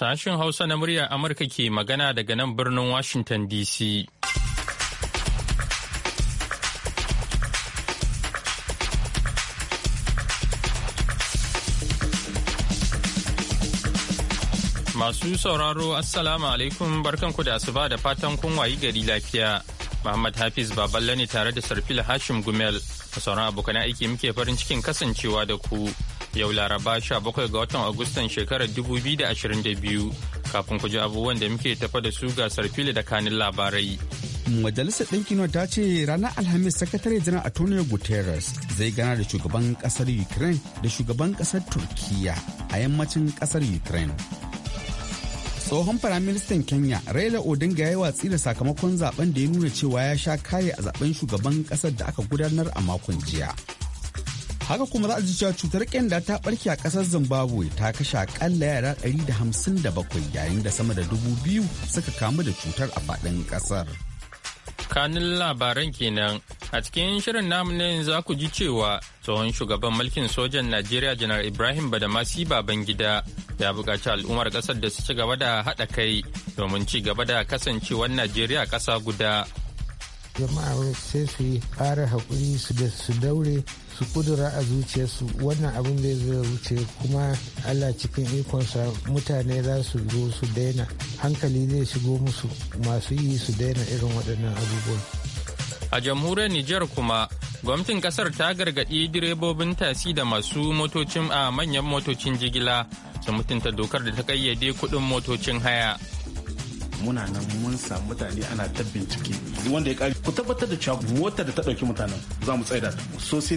Sashen Hausa na murya Amurka ke magana daga nan birnin Washington DC. Masu sauraro Assalamu alaikum barkanku da asuba da fatan kun wayi gari lafiya. Muhammad Hafiz Baballe ne tare da Sarfil Hashim Gumel. Sauran abokan aiki muke farin cikin kasancewa da ku. yau laraba 17 ga watan agustan shekarar 2022 kafin ku ji abubuwan da muke tafa da su gasar fili da kanin labarai. Majalisar Ɗinkin ta ce ranar Alhamis Sakatare Janar Antonio Guterres zai gana da shugaban ƙasar Ukraine da shugaban ƙasar Turkiyya a yammacin ƙasar Ukraine. Tsohon Firaministan Kenya Raila Odinga ya yi watsi da sakamakon zaben da ya nuna cewa ya sha kare a zaben shugaban ƙasar da aka gudanar a makon jiya. haka kuma za a ji cewa cutar kyanda ta barke a kasar zimbabwe ta kashe akalla yara da da hamsin bakwai yayin da sama da dubu biyu suka kamu da cutar a faɗin kasar kanin labaran kenan a cikin shirin namu ne za ku ji cewa tsohon shugaban mulkin sojan najeriya janar ibrahim badamasi gida ya buƙaci al'ummar ƙasar da su ci gaba da haɗa kai domin ci gaba da kasancewar najeriya ƙasa guda jama'a sai su yi ƙara haƙuri su su daure su kudura a zuciyarsu wannan abin da zai wuce kuma allah cikin ikonsa mutane za su zo su daina hankali zai shigo musu masu yi su daina irin waɗannan abubuwa. a jamhuriyar niger kuma gwamnatin kasar ta gargaɗi direbobin tasi da masu motocin a manyan motocin jigila su mutunta dokar da ta kayyade kuɗin motocin haya muna nan mun samu mutane ana ta bincike wanda ya kare ku tabbatar da cewa motar da ta dauki mutanen za mu tsaida ta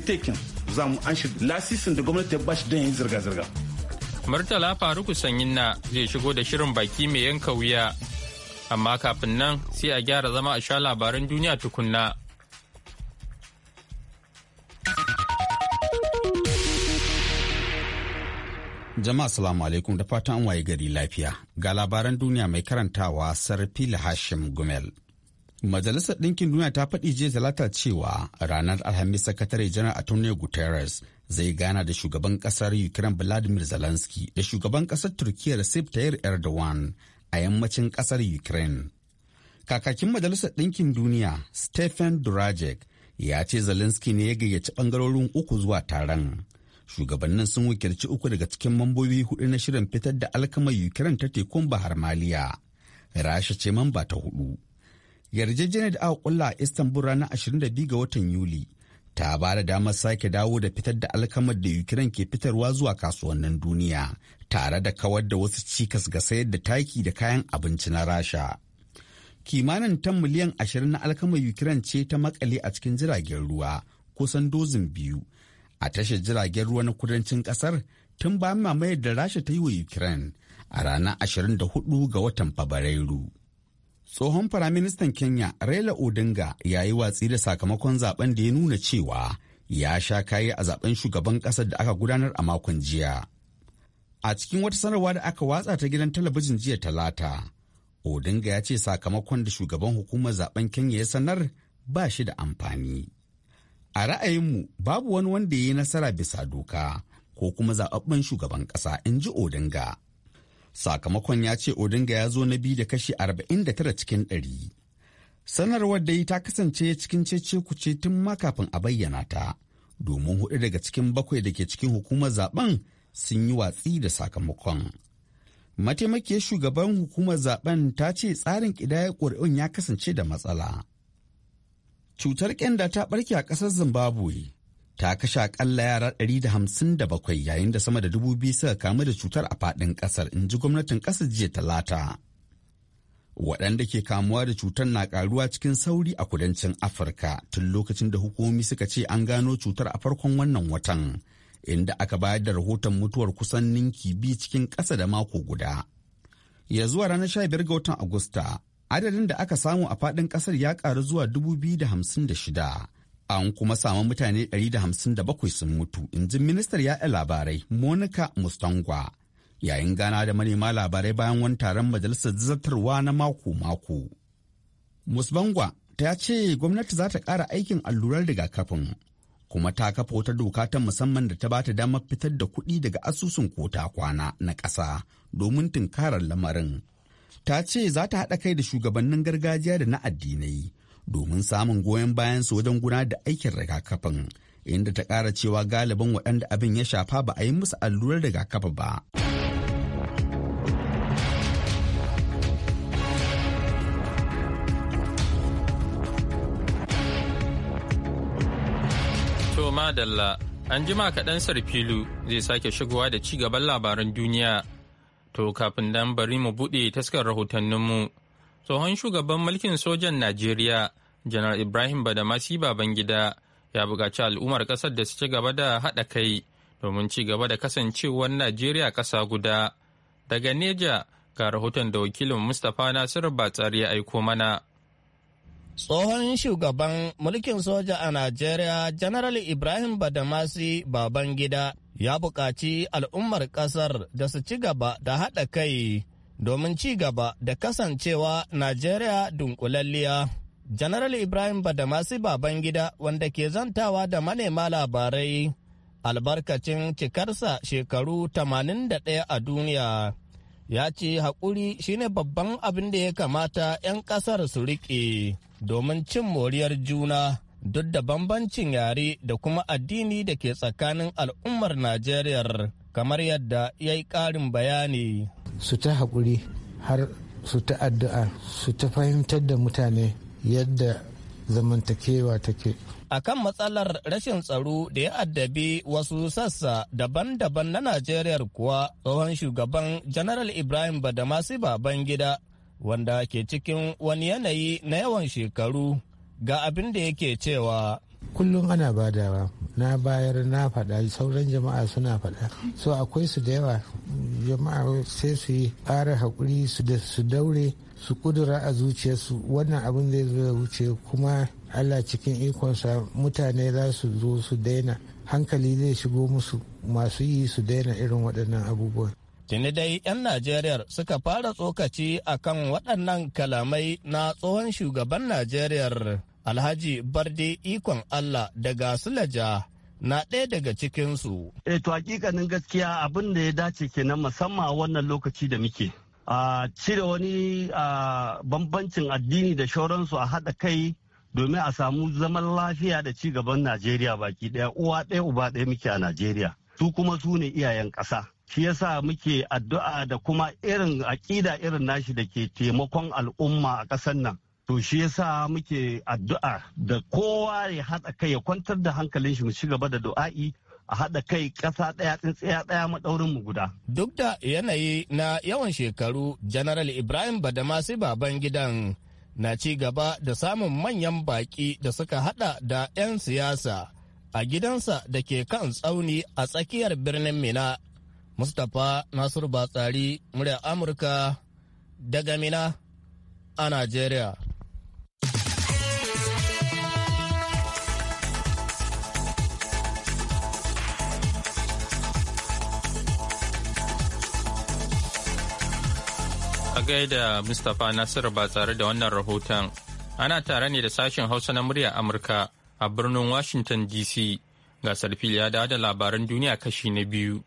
takin kin za mu an shi lasisin da gwamnati ya bashi don yin zirga-zirga Murtala Faruku Sanyin na zai shigo da shirin baki mai yanka wuya amma kafin nan sai a gyara zama a sha labaran duniya tukunna. Jama'a salamu alaikum da fatan an waye gari lafiya. Ga labaran duniya mai karantawa Sarfi Hashim Gumel. Majalisar Ɗinkin Duniya ta faɗi jiya talata cewa ranar Alhamis Sakatare Janar Antonio Guterres zai gana da shugaban ƙasar Ukraine Vladimir Zelensky da shugaban ƙasar Turkiyya Recep Tayyip Erdogan a yammacin ƙasar Ukraine. Kakakin Majalisar Ɗinkin Duniya Stephen Durajek ya ce Zelensky ne ya gayyaci bangarorin uku zuwa taron. shugabannin sun wakilci uku daga cikin mambobi hudu na shirin fitar da alkamar ukraine ta tekun bahar maliya rasha ce mamba ta hudu yarjejeniyar da aka kulla a istanbul ranar 22 ga watan yuli ta ba da damar sake dawo da fitar da alkamar da ukraine ke fitarwa zuwa kasuwannin duniya tare da kawar da wasu cikas ga sayar da taki da kayan abinci na rasha kimanin tan miliyan ashirin na alkamar ukraine ce ta makale a cikin jiragen ruwa kusan dozin biyu a tashar jiragen ruwa na kudancin kasar tun bayan mamayar da rasha ta yi wa ukraine a ranar 24 ga watan fabrairu tsohon firaministan kenya raila odinga ya yi watsi da sakamakon zaben da ya nuna cewa ya sha kayi a zaben shugaban kasar da aka gudanar a makon jiya a cikin wata sanarwa da aka watsa ta gidan talabijin jiya talata odinga ya ce sakamakon da shugaban hukumar zaben kenya ya sanar ba shi da amfani a ra'ayinmu babu wani wanda ya yi nasara bisa doka ko kuma zaɓaɓɓen shugaban ƙasa in ji odinga sakamakon ya ce odinga ya zo na biyu da kashi 49 cikin ɗari. sanarwar dai ta kasance cikin cece kuce tun ma kafin a bayyana ta domin hudu daga cikin bakwai da ke cikin hukumar zaben sun yi watsi da sakamakon mataimakiyar shugaban hukumar zaben ta ce tsarin ƙidayar ƙuri'un ya kasance da matsala Cutar kyanda ta barke a ƙasar Zimbabwe. Ta kashe akalla yara 157 yayin da sama da dubu biyu suka kamu da cutar a faɗin ƙasar, in ji gwamnatin ƙasa jiya talata. Waɗanda ke kamuwa da cutar na ƙaruwa cikin sauri a kudancin Afirka tun lokacin da hukumomi suka ce an gano cutar a farkon wannan watan, inda aka bayar da rahoton mutuwar kusan ninki biyu cikin ƙasa da mako guda. Ya zuwa ranar 15 ga watan Agusta, adadin da aka samu a faɗin ƙasar ya ƙaru zuwa 2,056 an kuma samu mutane 157 sun mutu in ministar yaɗa labarai monica mustangwa yayin gana da manema labarai bayan wani taron majalisar zartarwa na mako-mako musbangwa ta ce gwamnati za ta ƙara aikin allurar rigakafin kuma ta kafa wata doka ta musamman da ta ba ta damar fitar da kuɗi daga asusun kota kwana na ƙasa domin tunkarar lamarin ta ce za ta haɗa kai da shugabannin gargajiya da na addinai domin samun goyon bayan su wajen gudanar da aikin rigakafin inda ta ƙara cewa galibin waɗanda abin ya shafa ba a yi musu allurar rigakafi ba. To madalla, an jima kaɗan sarfilu zai sake shigowa da ci gaban labaran duniya To kafin dan bari mu buɗe taskar rahotanninmu. Tsohon shugaban mulkin sojan Najeriya, Janar Ibrahim Badamasi Babangida, ya buƙaci al'ummar ƙasar da su ci gaba da haɗa kai domin ci gaba da kasancewar Najeriya ƙasa guda. Daga Neja, ga rahoton da wakilin Mustapha Nasiru Batsari ya aiko mana. Tsohon shugaban mulkin soja a Najeriya, General Ibrahim Badamasi Babangida ya buƙaci al'ummar ƙasar da su ci gaba da haɗa kai domin ci gaba da kasancewa Najeriya dunkulalliya. General Ibrahim Badamasi Babangida wanda ke zantawa da manema labarai albarkacin cikarsa shekaru 81 a duniya. Ya ce haƙuri shine babban abin da ya kamata 'yan ƙasar su riƙe. domin cin moriyar juna duk da bambancin yare da kuma addini da ke tsakanin al'ummar Najeriya kamar yadda ya yi ƙarin bayani. Su ta haƙuri har su ta addu'a su ta fahimtar da mutane yadda zamantakewa take. A kan matsalar rashin tsaro da ya addabi wasu sassa daban-daban na Najeriya kuwa tsohon shugaban Janaral Ibrahim Badamasi Babangida wanda ke cikin wani yanayi na yawan shekaru ga abin da yake cewa kullum ana badawa na bayar na faɗa sauran jama'a suna faɗa so akwai su da yawa jama'a sai su yi ƙara haƙuri su daure su kudura a zuciyarsu wannan abin zai zo ya wuce kuma allah cikin ikonsa mutane za su zo su daina hankali zai shigo musu masu yi su daina irin waɗannan abubuwan Tuni dai 'yan Najeriya suka fara tsokaci a kan waɗannan kalamai na tsohon shugaban Najeriya Alhaji Barde Ikon Allah daga Sulaja na ɗaya daga cikinsu. E to hakikanin gaskiya abin da ya dace kenan musamman a wannan lokaci da muke. A cire wani bambancin addini da shauransu a haɗa kai domin a samu zaman lafiya da ci gaban Najeriya baki ɗaya uwa ɗaya uba ɗaya muke a Najeriya. Su kuma su ne iyayen ƙasa. shi yasa muke addu'a da kuma irin aƙida irin nashi da ke taimakon al'umma a ƙasar nan to shi yasa muke addu'a da kowa ya haɗa kai ya kwantar da hankalin shi mu ci gaba da du'a'i a haɗa kai ƙasa ɗaya tsintsiya ɗaya maɗaurin mu guda. Duk da yanayi na yawan shekaru, General Ibrahim Badamasi baban gidan na ci gaba da samun manyan baƙi da suka haɗa da 'yan siyasa a gidansa da ke kan tsauni a tsakiyar birnin Mina Mustapha Nasiru Batsari murya Amurka daga Mina a Najeriya. A gaida Mustapha Nasiru Batsari da wannan rahoton ana tare ne da sashen Hausa na murya Amurka a birnin Washington DC ga Sarfil ya da labaran duniya kashi na biyu.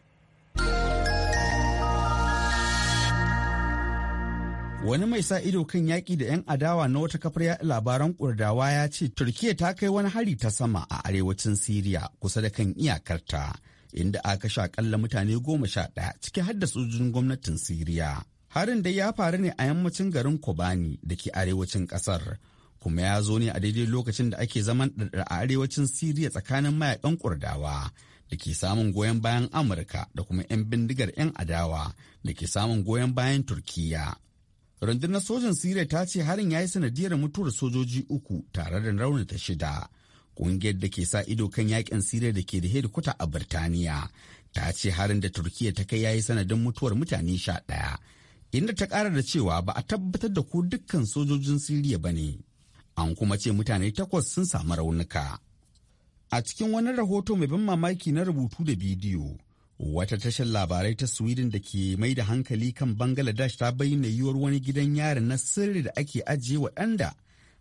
wani mai sa ido kan yaƙi da 'yan adawa na wata kafar yaɗa labaran kurdawa ya ce turkiya ta kai wani hari ta sama a arewacin siriya kusa da kan iyakarta inda aka sha akalla mutane goma sha ɗaya ciki har da sojojin gwamnatin siriya harin dai ya faru ne a yammacin garin kobani da ke arewacin ƙasar kuma ya zo ne a daidai lokacin da ake zaman ɗaɗɗar a arewacin siriya tsakanin mayakan kurdawa da ke samun goyon bayan amurka da kuma 'yan bindigar 'yan adawa da ke samun goyon bayan turkiya rundunar sojan siriya ta ce harin ya yi sanadiyar mutuwar sojoji uku tare da raunata shida ƙungiyar da ke sa ido kan yakin siriya da ke da hedikwata a birtaniya ta ce harin da turkiya ta kai ya yi sanadin mutuwar mutane sha ɗaya inda ta ƙara da cewa ba a tabbatar da ko dukkan sojojin siriya ba ne an kuma ce mutane takwas sun samu raunuka a cikin wani rahoto mai ban mamaki na rubutu da bidiyo Wata tashar labarai ta Sweden da ke mai da hankali kan Bangladesh ta bayyana yiwuwar wani gidan yari na sirri da ake ajiye waɗanda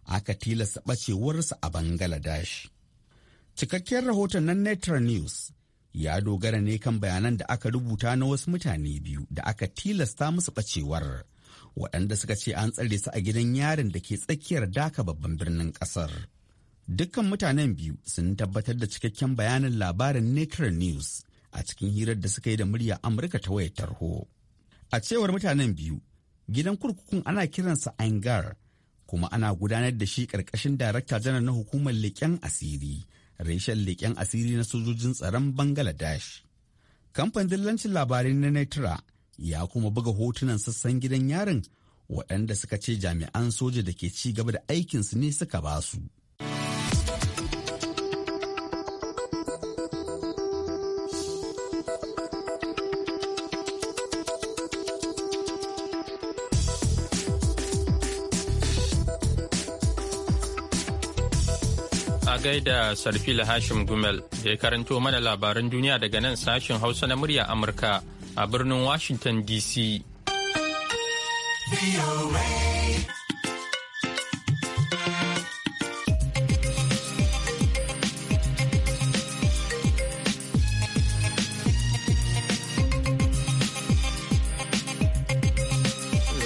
aka tilasta ɓacewarsa a Bangladesh. Cikakken rahoton na Netra News ya dogara ne kan bayanan da aka rubuta na wasu mutane biyu da aka tilasta musu ɓacewar, waɗanda suka ce an tsare su a gidan yarin da ke tsakiyar daka babban birnin ƙasar. Dukkan mutanen biyu sun tabbatar da cikakken bayanin labarin Netra News. a cikin hirar da suka yi da murya amurka ta wayar tarho a cewar mutanen biyu gidan kurkukun ana kiransa angar kuma ana gudanar da shi ƙarƙashin darakta janar na hukumar leƙen asiri reshen leƙen asiri na sojojin tsaron bangladesh kamfanin dillancin labarai na netra ya kuma buga hotunan sassan gidan yarin waɗanda suka ce jami'an soja da ke ci gaba da aikinsu ne suka ba su. da Sarfila Hashim Gumel da ya karanto mana labaran duniya daga nan sashen Hausa na murya Amurka a birnin Washington DC.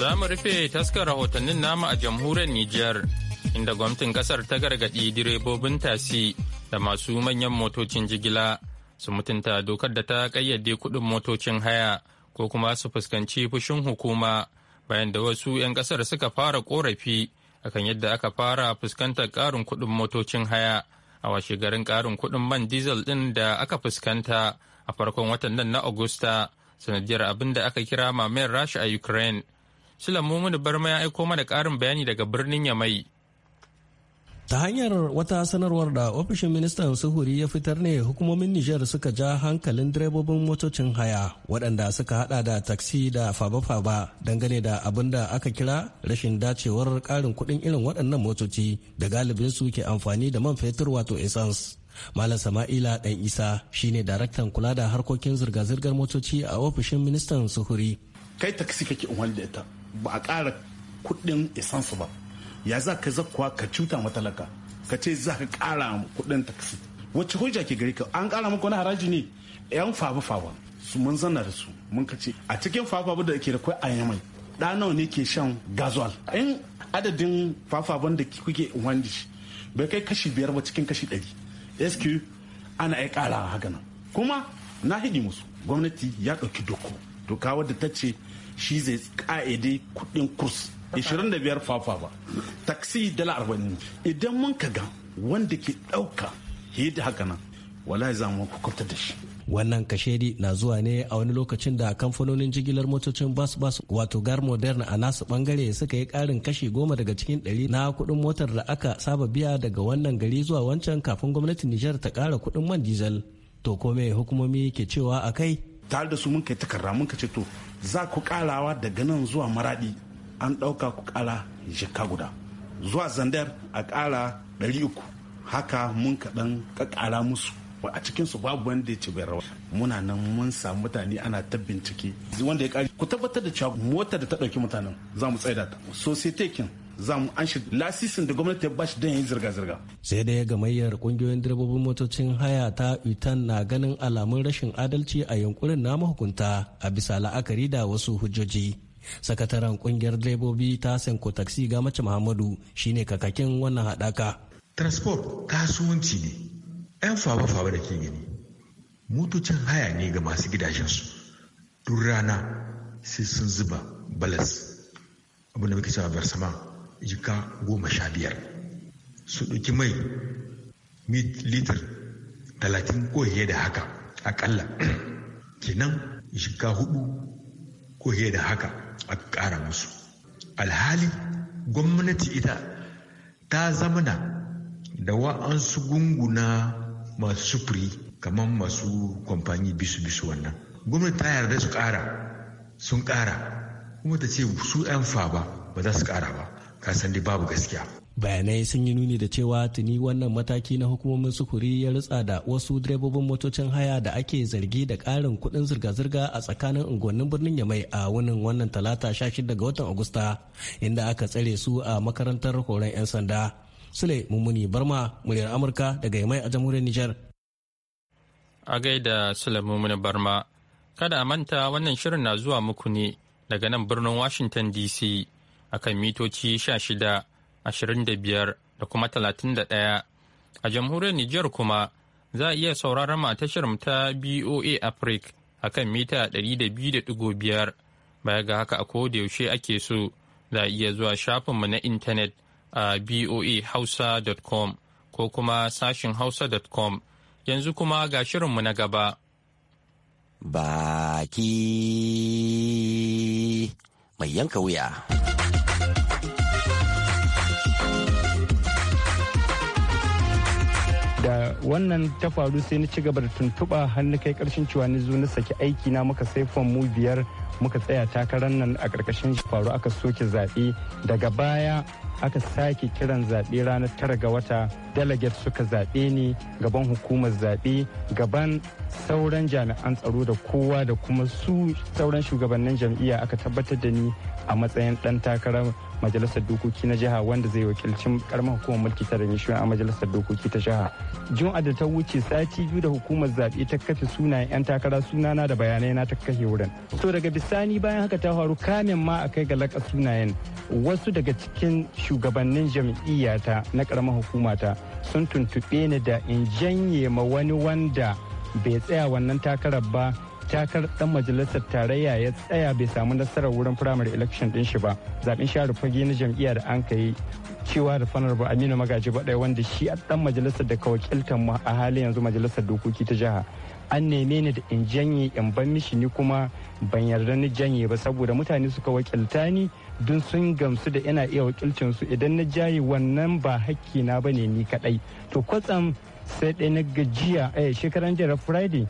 Za mu rufe taskar rahotannin nama a jamhuriyar Nijar. inda gwamnatin kasar ta gargaɗi direbobin tasi da masu manyan motocin jigila su mutunta dokar da ta ƙayyade kuɗin motocin haya ko kuma su fuskanci fushin hukuma bayan da wasu 'yan kasar suka fara korafi akan yadda aka fara fuskantar ƙarin kuɗin motocin haya a washe garin ƙarin kuɗin man diesel ɗin da aka fuskanta a farkon watan nan na agusta sanadiyar abin da aka kira mamayar rasha a ukraine sulamu mini barma ya aiko mana ƙarin bayani daga birnin yamai ta hanyar wata sanarwar da ofishin ministan suhuri ya fitar ne hukumomin nijar suka ja hankalin direbobin motocin haya waɗanda suka hada da taksi da faba-faba dangane da abin da aka kira rashin dacewar ƙarin kuɗin irin waɗannan motoci da galibin su ke amfani da man fetur wato essence malam sama'ila dan isa shine daraktan kula da harkokin zirga-zirgar motoci a ofishin ministan suhuri kai taksi kake da ita ba a kara kuɗin essence ba ya za ka zakkuwa ka cuta matalaka ka ce za ka kara kuɗin taksi wacce hujja ke gari ka an kara muku wani haraji ne yan fafa fafa su mun zanna da su mun ka ce a cikin fafabu da ke da kwai ayyamai Da nawa ne ke shan gazuwal in adadin fafaban da kuke wandi bai kai kashi biyar ba cikin kashi ɗari sq ana ya ƙara haka nan kuma na hidi musu gwamnati ya ɗauki doko doka wadda ta ce shi zai ka'ide kuɗin kurs 25 fafafa taxi dala 40 idan mun ka ga wanda ke ɗauka da haka nan wallahi za mu kwata da shi wannan kashedi na zuwa ne a wani lokacin da kamfanonin jigilar motocin bas bas wato gar modern a nasu bangare suka yi karin kashi goma daga cikin ɗari na kuɗin motar da aka saba biya daga wannan gari zuwa wancan kafin gwamnatin nijar ta ƙara kuɗin man diesel to kome hukumomi ke cewa a kai tare da su mun kai takarda mun ka ce to za ku ƙarawa daga nan zuwa maradi an ɗauka ku ƙara jika guda zuwa zandar a ƙara ɗari uku haka mun kaɗan ƙaƙara musu a cikinsu babu wanda ya ci bai rawa muna nan mun samu mutane ana ta bincike wanda ya ƙari ku tabbatar da cewa motar da ta ɗauki mutanen za mu tsaida ta so sai tekin za mu an shi lasisin da gwamnati ya bashi don yin zirga-zirga. sai dai gamayyar kungiyoyin direbobin motocin haya ta utan na ganin alamun rashin adalci a yankunan na hukunta, a bisa la'akari da wasu hujjoji. sakataren kungiyar direbobi ta senko taxi ga mace muhammadu shine kakakin wannan haɗaka transport kasuwanci ne yan faba-faba da ke gani motocin haya ne ga masu gidajensu duk rana sai sun zuba balas abinda muke cewa sama jika goma sha biyar su ɗauki mai litir talatin ko da haka akalla kenan jika hudu ko da haka a ƙara musu alhali gwamnati ita ta zamana da wa'ansu gunguna masu sufuri kamar masu kwamfani bisu-bisu wannan gwamnati ta yarda su ƙara sun ƙara kuma ta ce su 'yan fa ba ba za su ƙara ba kasan dai babu gaskiya bayanai sun yi nuni da cewa tuni wannan mataki na hukumomin sufuri ya rutsa da wasu direbobin motocin haya da ake zargi da karin kuɗin zirga-zirga a tsakanin unguwannin birnin yamai a wunin wannan talata 16 ga watan agusta inda aka tsare su a makarantar horon 'yan sanda sule mummuni barma muryar amurka daga yamai a jamhuriyar nijar a gaida sule mummuni barma kada a manta wannan shirin na zuwa muku ne daga nan birnin washington dc akan mitoci 16 25 da kuma talatin da ɗaya a jamhuriyar Nijar kuma za a iya sauraron a tashar ta BOA Africa a kan mita 200.5 baya ga haka a yaushe ake so za a iya zuwa shafinmu na intanet a boahausa.com ko kuma sashin hausa.com yanzu kuma ga shirinmu na gaba. Baki mai yanka wuya. da wannan ta faru sai na ci gaba da tuntuɓa har kai ƙarshen cewa ni zo na saki aiki na muka sai mu biyar muka tsaya takarar nan a ƙarƙashin faru aka soke zaɓe daga baya aka sake kiran zaɓe ranar tara ga wata delegate suka zaɓe ni gaban hukumar zaɓe gaban sauran jami'an tsaro da kowa da kuma su sauran shugabannin jam'iyya aka tabbatar da ni a matsayin ɗan takarar majalisar dokoki na jiha wanda zai wakilcin karamar hukumar mulki ta da a majalisar dokoki ta jiha juma'a da ta wuce sati biyu da hukumar zaɓe ta kafe sunayen 'yan takara sunana da bayanai na ta kashe wurin to daga bisani bayan haka ta faru kamin ma a kai ga laka sunayen wasu daga cikin shugabannin jam'iyyata na karamar hukumata sun tuntuɓe ni da in janye ma wani wanda bai tsaya wannan takarar ba takar dan majalisar tarayya ya tsaya bai samu nasarar wurin firamare election din shi ba zaben share fage na jam'iyyar da an kai cewa da fanar ba aminu magaji ba wanda shi a ɗan majalisar da ka mu a halin yanzu majalisar dokoki ta jiha an neme ni da in janye in ban mishi ni kuma ban yarda ni janye ba saboda mutane suka wakilta ni don sun gamsu da ina iya wakilcin su idan na jaye wannan ba hakki na bane ni kadai to kwatsam sai ɗaya na gajiya eh shekaran jira friday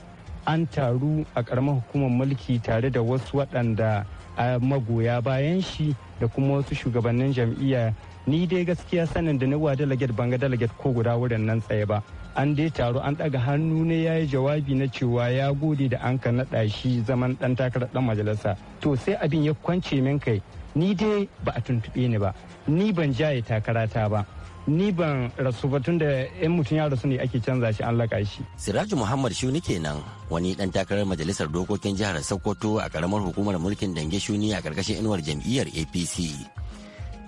an taru a karamar hukumar mulki tare da wasu waɗanda ah, magoya bayan shi da kuma wasu shugabannin jam'iyya ni dai gaskiya sanin da nawa delegate banga delegate ko guda wurin nan tsaye ba an dai taro an ɗaga hannu ne ya yi jawabi na cewa ya gode da an ka naɗa shi zaman ɗan takarar ɗan majalisa to sai abin ya kwance min kai ni dai ba a tuntuɓe ni ba ni ban jaye takarata ba ni ban rasu ba tun da yan mutum ya rasu ne ake canza shi an laƙa shi. Siraju Muhammad Shuni kenan wani ɗan takarar majalisar dokokin jihar Sokoto a karamar hukumar mulkin Dange Shuni a karkashin inuwar jam'iyyar APC.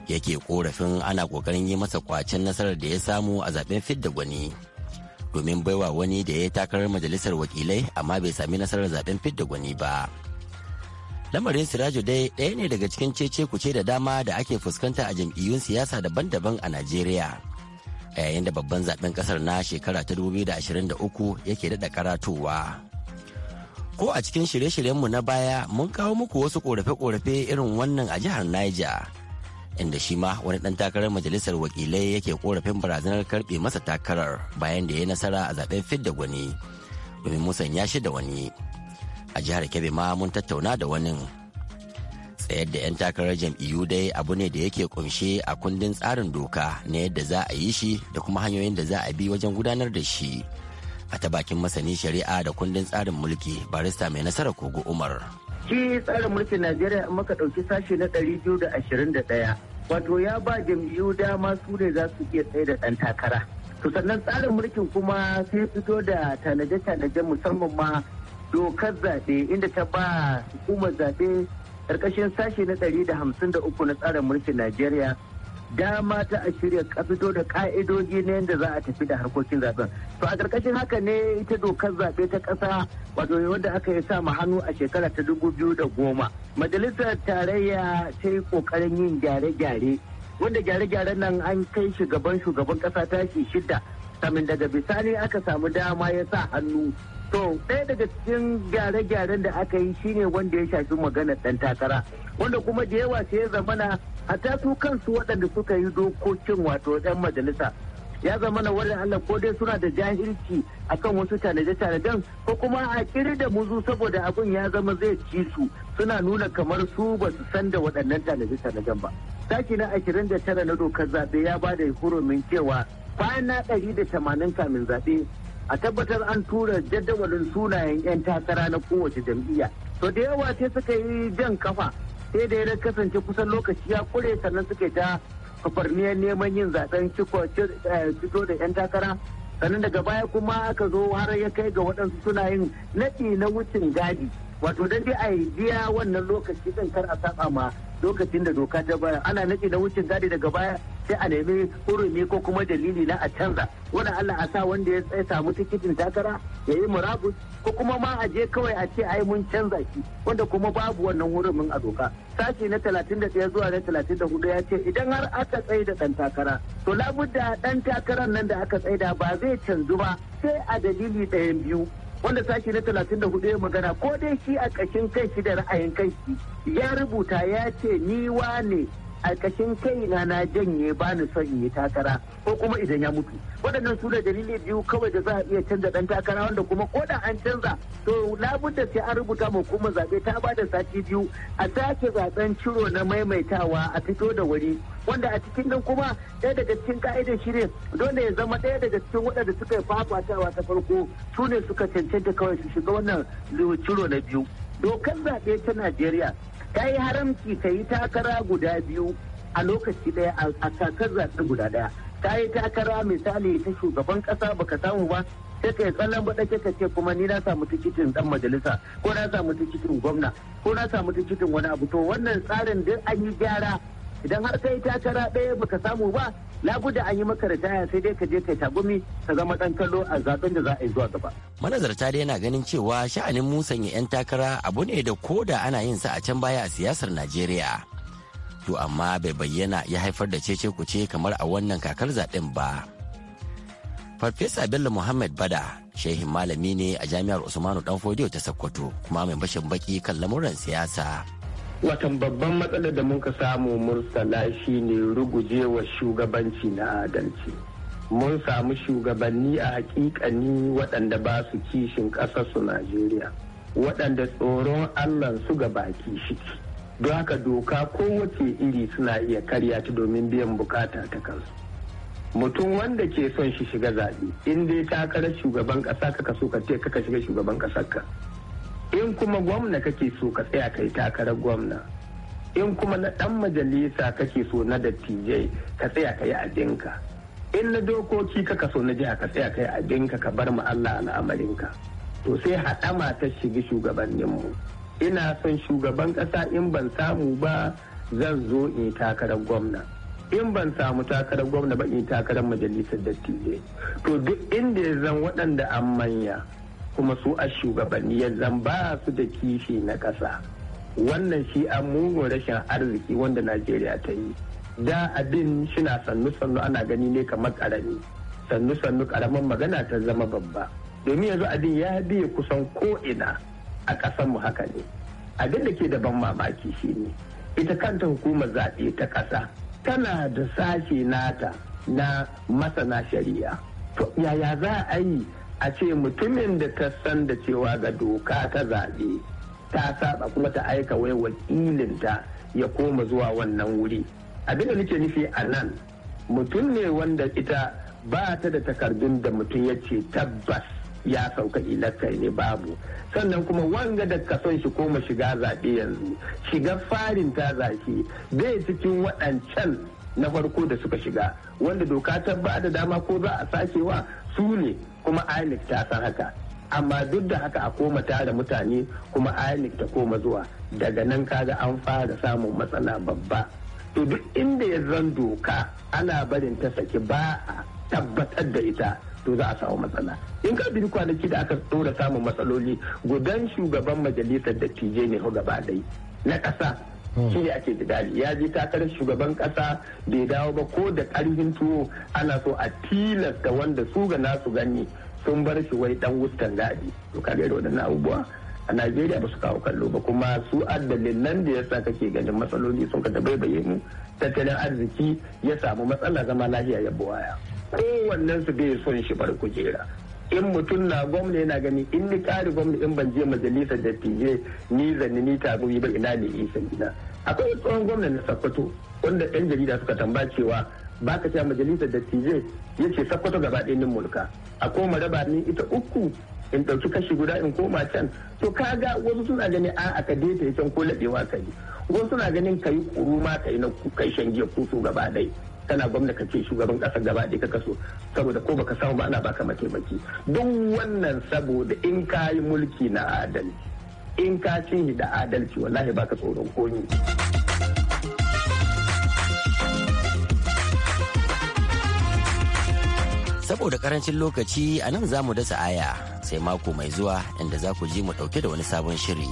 yake korafin ana kokarin yi masa kwacen nasarar da ya samu a zaben fidda gwani domin baiwa wani da ya takarar majalisar wakilai amma bai sami nasarar zaben fidda gwani ba lamarin sirajo dai ɗaya ne daga cikin cece kuce da dama da ake fuskanta a jam'iyyun siyasa daban-daban a najeriya a yayin da babban zaben kasar na shekara ta 2023 yake daɗa karatowa ko a cikin shirye-shiryenmu na baya mun kawo muku wasu korafe-korafe irin wannan a jihar niger inda shi ma wani ɗan takarar majalisar wakilai yake korafin barazanar karɓe masa takarar bayan da ya nasara a zaben fidda gwani domin musanya shi da wani a jihar kebbi ma mun tattauna da wani tsayar da 'yan takarar jam'iyyu dai abu ne da yake kunshe a kundin tsarin doka na yadda za a yi shi da kuma hanyoyin da za a bi wajen gudanar da shi a ta bakin masani shari'a da kundin tsarin mulki barista mai nasara kogo umar shi tsarin mulkin najeriya in maka ɗauki sashe na ɗari biyu da ashirin da ɗaya wato ya ba jam'iyyu dama su ne za su iya tsaye da ɗan takara to sannan tsarin mulkin kuma sai fito da tanaje-tanaje musamman ma dokar zaɓe inda ta ba hukumar zaɓe ƙarƙashin sashe na ɗari da hamsin da uku na tsarin mulkin najeriya dama ta a shirya ka fito da ka'idoji na yadda za a tafi da harkokin zaben to a karkashin haka ne ita dokar zaɓe ta ƙasa wato wadda aka yi sa ma hannu a shekara ta dubu biyu da goma majalisar tarayya ta yi ƙoƙarin yin gyare-gyare wanda gyare-gyaren nan an kai shugaban shugaban ƙasa tashi shida kamin daga bisani aka samu dama ya sa hannu to ɗaya daga cikin gyare-gyaren da aka yi shine wanda ya shafi maganar ɗan takara wanda kuma da yawa sai ya zamana hatta su kansu waɗanda suka yi dokokin wato 'yan majalisa ya zamana na Allah ko dai suna da jahilci akan wasu tanade-tanaden ko kuma a kiri da muzu saboda abin ya zama zai ci su suna nuna kamar su ba su san da waɗannan tanade-tanaden ba. Saki na tara na dokar zaɓe ya ba da hurumin cewa da tamanin kamin zaɓe a tabbatar an tura jadawalin sunayen 'yan takara na kowace jam'iyya. To da yawa sai suka yi jan kafa sai da ya kasance kusan lokaci ya kure sannan suke ta farniyar neman yin zaben eh, fito da 'yan takara sannan daga baya kuma aka zo har ya kai ga waɗansu suna yin naɗi na wucin gadi wato don dai a biya wannan lokaci kar a saba ma lokacin da doka ta baya ana nake na wucin gadi daga baya sai a nemi hurumi ko kuma dalili na a canza wani Allah a sa wanda ya samu tikitin takara ya yi murabus ko kuma ma a je kawai a ce ai mun canza shi wanda kuma babu wannan hurumin a doka sashi na 31 zuwa na 34 ya ce idan har aka tsaye da dan takara to labudda dan takarar nan da aka tsaida ba zai canzu ba sai a dalili ɗayan biyu wanda sashi na 34 ya magana ko dai shi a ƙashin shi da ra'ayin kanshi ya rubuta ya ce ni ne. Alkashin kai na na janye ba ni son yi takara ko kuma idan ya mutu waɗannan su da dalili biyu kawai da za a iya canza ɗan takara wanda kuma ko da an canza to labudda sai an rubuta ma kuma zaɓe ta ba da sati biyu a sake zaɓen ciro na maimaitawa a fito da wuri wanda a cikin nan kuma ɗaya daga cikin ka'idar shirin dole ya zama ɗaya daga cikin waɗanda suka yi fafatawa ta farko su ne suka cancanta kawai su shiga wannan ciro na biyu dokar zaɓe ta najeriya ta yi haramci ta yi takara guda biyu a lokaci daya a kakar zaɓe guda daya ta yi takara misali ta shugaban ƙasa baka samu ba ta kai yi tsallan baɗa ka ce kuma ni na samu tikitin ɗan majalisa ko na samu tikitin gwamna ko na samu tikitin wani abu to wannan tsarin duk an yi gyara idan har kai takara ɗaya baka samu ba Na labuda an yi maka ritaya sai dai ka je kai tagumi ka zama ɗan kallo a zaben da za a yi zuwa gaba. manazarta dai yana ganin cewa sha'anin ya 'yan takara abu ne da koda ana yin sa a can baya a siyasar najeriya to amma bai bayyana ya haifar da cece kuce kamar a wannan kakar zaɓen ba farfesa bello muhammad bada shehin malami ne a jami'ar usmanu danfodiyo ta sokoto kuma mai bashin baki kan lamuran siyasa watan babban matsalar da muka samu mursala ne rugujewa shugabanci na adalci mun samu shugabanni a hakikani waɗanda ba su kishin ƙasarsu najeriya waɗanda tsoron allah su ga baki shi don haka doka kowace iri suna iya karya ta domin biyan bukata ta kansu mutum wanda ke son shi shiga zaɓe in dai takarar shugaban ƙasa kaka so ka ce kaka shiga shugaban ƙasar ka in kuma gwamna kake so ka tsaya kai takarar gwamna in kuma na dan majalisa kake so na dattijai ka tsaya ka yi abinka in na dokoki ka so na jiha ka tsaya kai abinka ka bar mu Allah al'amarinka to sai haɗama ta shugabannin mu ina son shugaban ƙasa in ban samu ba zan zo in takarar gwamna in ban samu takarar gwamna ba in takarar majalisar dattijai to duk inda ya zan waɗanda an manya kuma su a shugabanni yanzan ba su da kishi na ƙasa wannan shi an mugun rashin arziki wanda najeriya ta yi da abin shina sannu-sannu ana gani ne kamar ƙarami sannu-sannu ƙaramin magana ta zama babba domin yanzu abin ya biye kusan ko'ina a ƙasanmu haka ne abin da ke da ban mamaki shi ne ita kanta hukumar zaɓe ta ƙasa tana da sashe nata na masana shari'a to yaya za a yi a ce mutumin da ta san da cewa ga doka ta zaɓe ta saba kuma ta aika wai wakilinta ya koma zuwa wannan wuri abin da nake nufi a nan mutum ne wanda ita ba ta da takardun da mutum ya ce tabbas ya sauka ilaka ne babu sannan kuma wanga da ka son shi koma shiga zaɓe yanzu shiga farin ta zaki bai cikin waɗancan na farko da suka shiga wanda doka ta ba da dama ko za a sakewa su ne kuma INEC ta san haka amma duk da haka a koma tara mutane kuma INEC ta koma zuwa daga nan kaga an fara samun matsala babba to duk inda ya zan doka ana barin ta saki ba a tabbatar da ita to za a samu matsala in ka biyu kwanaki da aka tsora samun matsaloli gudan shugaban majalisar dattijai ne gaba dai na ƙasa Hmm. shi ne ake jidali ya je takarar shugaban kasa bai dawo ba ko da karfin tuwo ana so a tilasta wanda su ga nasu gani sun bar shi wai dan wutan gadi to ka da waɗannan abubuwa a najeriya ba su kawo kallo ba kuma su nan da yasa kake ganin matsaloli sun ka tabaibaye mu tattalin arziki ya samu matsala zama lafiya ya buwaya kowannen su bai son shi bar kujera in mutum na gwamna yana gani in ni kare gwamna in ban je majalisar dattijai ni zanni ni tagumi ba ina ne isan gina akwai tsohon gwamna na sakwato wanda yan jarida suka tamba cewa ba ka cewa majalisar dattijai ya ce sakkwato gaba ɗaya mulka a koma raba ni ita uku in ɗauki kashi guda in koma can to ka ga wasu suna gani a aka ya can ko laɓewa ka wasu suna ganin ka yi kuru ma ka na kai shan giya kusu gaba ɗaya kana gwamna shugaban ƙasa gaba ɗaya ka kaso saboda ko baka samu ba ana baka mataimaki duk wannan saboda in ka yi mulki na adalci in ka cinye da adalci wallahi baka tsoron komi. saboda karancin lokaci a nan za mu dasa aya sai mako mai zuwa inda za ku ji mu dauke da wani sabon shiri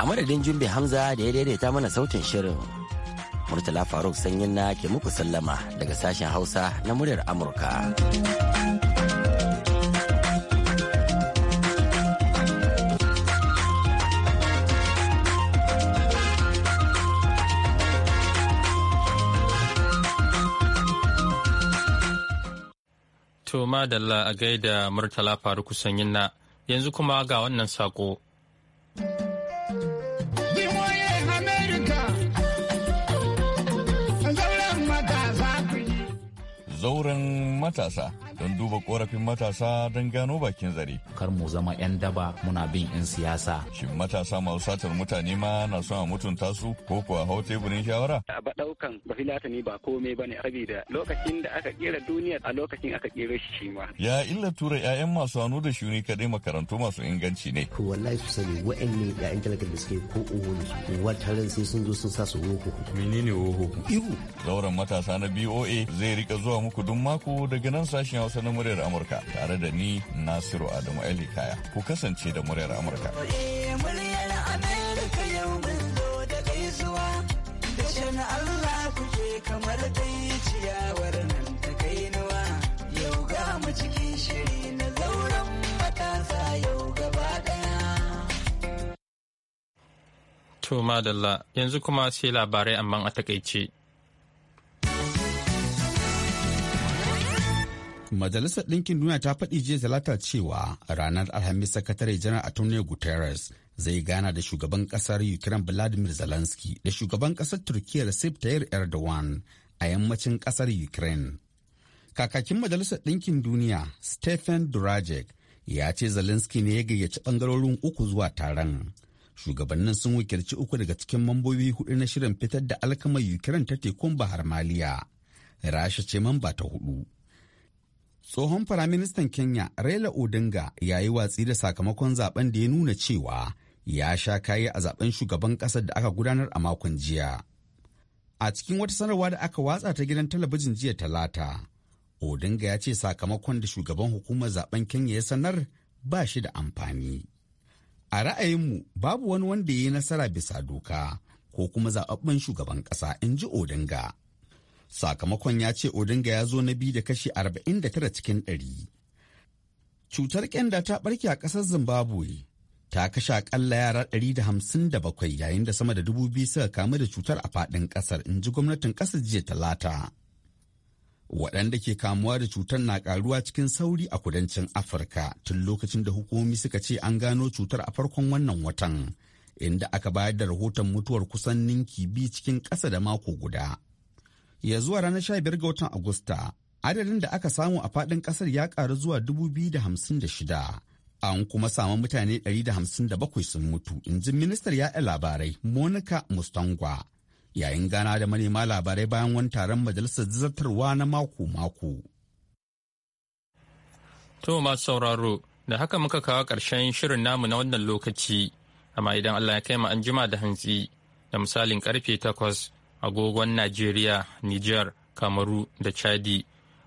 a madadin jumbe hamza da ya daidaita mana sautin shirin Murtala Faruk sanyin na ke muku sallama daga sashen Hausa na muryar Amurka. To madalla a gaida Murtala Faruk sanyin na yanzu kuma ga wannan sako. zauren matasa don duba korafin matasa don gano bakin zare. Kar mu zama 'yan daba muna bin 'yan siyasa. Shin matasa masu satar mutane ma na son a mutunta su ko kuwa hau teburin shawara? A ba daukan ba filatani ba komai ba ne saboda lokacin da aka kera duniya a lokacin aka kera shi shi ma. Ya illa tura 'ya'yan masu hannu da shuni kaɗai makarantu masu inganci ne. Ko wallahi su sani wa'annan 'ya'yan talaka da suke ko uwani wataran sai sun zo sun sa su woho. Menene woho? Ihu. Zauren matasa na BOA zai rika zuwa muku duk mako daga nan sashen Hausa na muryar Amurka tare da ni Nasiru Adamu Ali Kaya. Ku kasance da muryar Amurka. Allah kuke kamar dai ciyawar nan ta yau ga mu cikin shiri na zauren matasa yau gaba daya. To madalla yanzu kuma sai labarai amma a takaice. Majalisar Ɗinkin Duniya ta faɗi jiya talata cewa ranar Alhamis Sakatare Janar Antonio Guterres zai gana da shugaban ƙasar Ukraine Vladimir Zelensky da shugaban ƙasar Turkiyya Recep Tayyip Erdogan a yammacin ƙasar Ukraine. Kakakin Majalisar Ɗinkin Duniya Stephen Durajek ya ce Zelensky ne ya gayyaci bangarorin uku zuwa taron. Shugabannin sun wakilci uku daga cikin mambobi hudu na shirin fitar da alkamar Ukraine ta tekun Bahar Maliya. Rasha ce mamba ta hudu. Tsohon Firaministan Kenya Raila Odinga ya yi watsi da sakamakon zaben da ya nuna cewa ya sha kayi a zaben shugaban ƙasar da aka gudanar a makon jiya. A cikin wata sanarwa da aka watsa ta gidan talabijin jiya talata, Odinga ya ce sakamakon da shugaban hukumar zaben Kenya ya sanar ba shi da amfani. A ra'ayinmu babu wani wanda ya yi nasara bisa doka ko kuma zaɓaɓɓen shugaban ƙasa in ji Odinga. Sakamakon ya ce Odinga ya zo na biyu da kashi 49 cikin 100. Cutar kyanda ta barke a ƙasar Zimbabwe. Ta kashe akalla yara 157 yayin da sama da dubu biyu suka kamu da cutar a faɗin ƙasar, in ji gwamnatin ƙasar jiya talata. waɗanda ke kamuwa da cutar na karuwa cikin sauri a kudancin afirka tun lokacin da hukumomi suka ce an gano cutar a farkon wannan watan inda aka bayar da rahoton mutuwar kusan ninki bi cikin ƙasa da mako guda ya zuwa ranar 15 ga watan Agusta. Adadin da aka samu a fadin kasar ya karu zuwa 2,056. An kuma samu mutane 157 sun mutu, in ji ministar yaɗa labarai Monica Mustangwa. Yayin gana da manema labarai bayan wani taron majalisar zartarwa na mako-mako. To masu sauraro, da haka muka kawo ƙarshen shirin namu na wannan lokaci, amma idan Allah ya kai mu an jima da hantsi, da misalin karfe takwas agogon Najeriya, Nijar, Kamaru da Chadi.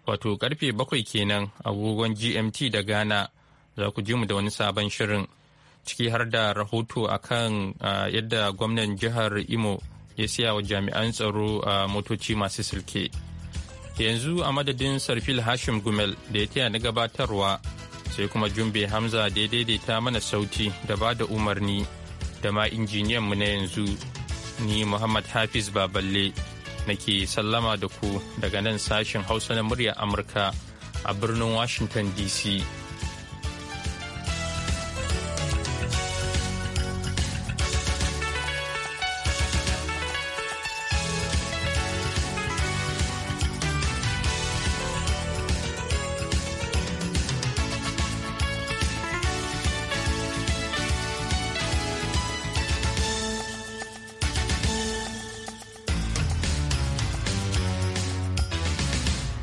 Wato karfe bakwai kenan agogon GMT da Ghana za ku ji mu da wani sabon shirin. Ciki har da rahoto a akan yadda gwamnan jihar Imo ya siya wa jami'an tsaro a motoci masu silke. Yanzu a madadin Sarfil Hashim Gumel da ya taya na gabatarwa sai kuma Jumbe Hamza da ya daidaita mana sauti da ba da umarni da ma injiniyan mu na yanzu. ni Muhammad Hafiz Baballe nake sallama da ku daga nan sashen Hausa na muryar Amurka a birnin Washington DC.